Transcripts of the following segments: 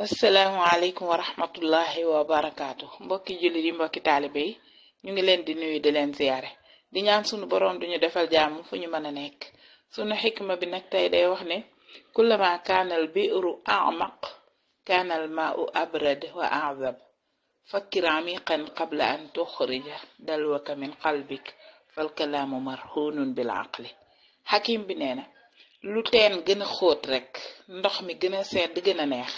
asalaamaaleykum wa rahmatullahi wa barakaatu mbokki jullit yi mbokki taalibe yi ñu ngi leen di nuyu di leen ziyaare di ñaan sunu boroom duñu defal jàmm fu ñu mën a nekk sunu xikma bi nag tey day wax ne kullama kaanal biru amaq kaanal maau abrad wa azab fakkir amiqan qabla an tuxrija dalwaka min qalbik fal kalaamu marhuunun bil aqli xakim bi nee na lu teen gën a xóot rekk ndox mi gën a sedd gën a neex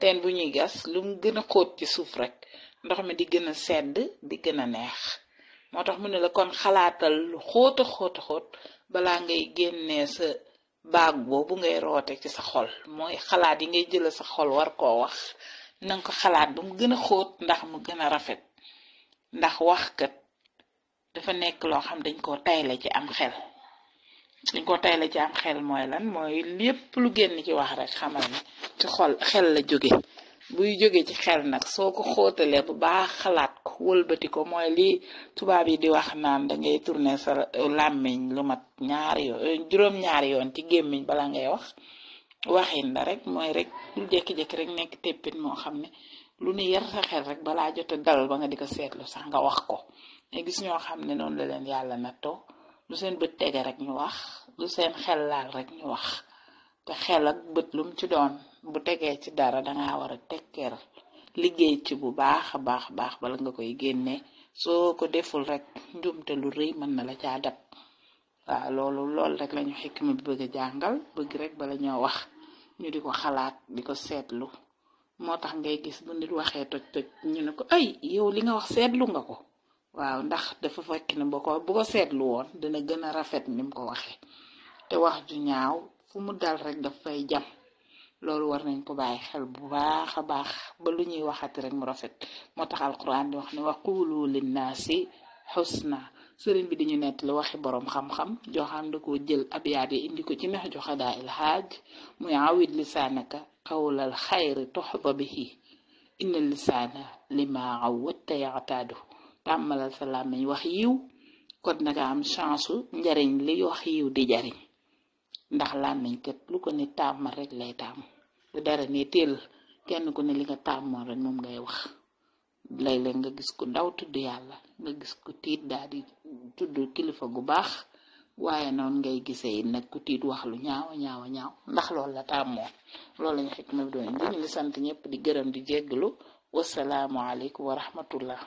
teen bu ñuy gas lu mu gën a xóot ci suuf rek ndox mi di gën a sedd di gën a neex moo tax mu ne la kon xalaatal xóota xóota xóot balaa ngay génnee sa baag boobu ngay roote ci sa xol mooy xalaat yi ngay jëla sa xol war koo wax nanga ko xalaat ba mu gën a xóot ndax mu gën a rafet ndax waxkat dafa nekk loo xam dañ koo tayle ci am xel dañ koo tayle ci am xel mooy lan mooy lépp lu génn ci wax rek xamal ci xol xel la jóge buy jóge ci xel nag soo ko xóotalee bu baax xalaat ko wëlbati ko mooy lii tubaab yi di wax naan dangay tourner sa làmmiñ lu mat ñaari yoon euh, juróom-ñaari yoon ci gémmiñ bala ngay wax waxin la rek mooy rek lu jékki-jékki rek nekk téppit moo xam ne lu nu yar sa xel rek balaa jot a dal ba nga di ko seetlu sax nga wax ko ñoo xam ne noonu la leen yàlla nattoo lu rek ñu wax lu seen xel laal rek ñu wax te xel ak bët lum ci doon bu tegee ci dara danga war a tekkeel liggéey ci bu baax a baax baax bala nga koy génne soo ko deful rek njuumte lu rëy mën na la caa dab waaw loolu lool rek lañu xikma bi bëgg a jàngal bëgg rek bala ñoo wax ñu di ko xalaat di ko seetlu moo tax ngay gis bu nit waxee toj toj ñu ne ko ay yow li nga wax seetlu nga ko waaw ndax dafa fekk ne bu ko bu ko seetlu woon dana gën a rafet ni mu ko waxee te wax ju ñaaw fu mu daal rek daf fay jam loolu war nañ ko bàyyi xel bu baax a baax ba lu ñuy waxati rek mu rafet moo tax alquran di wax ne waqulu linnaasi xusna sëriñ bi dañu nettali waxi boroom xam-xam joo xam da jël ab yaat yi indi ko ci nex ju xadaa il xaaj muy awit lisaanaka xawlal xayri toxba bihi inna lisaana lima awatta yaxtaadu tàmmalal sa làmmiñ wax yiw kon nanga am chance njariñ li wax yiw di jariñ ndax làmmiñ kët lu ko ni taamal rek lay taamu lu dara ne teel kenn ku ne li nga taamoon rek moom ngay wax léeg-léeg nga gis ku ndaw tudd yàlla nga gis ku tiit daal di tudd kilifa gu baax waaye noonu ngay gisee nag ku tiit wax lu ñaawa ñaawa ñaaw ndax loolu la tàmmoon loolu lañu xikma bi doon ñu ngi sant ñëpp di gërëm di jégglu wasalaamualeykum wa rahmatullah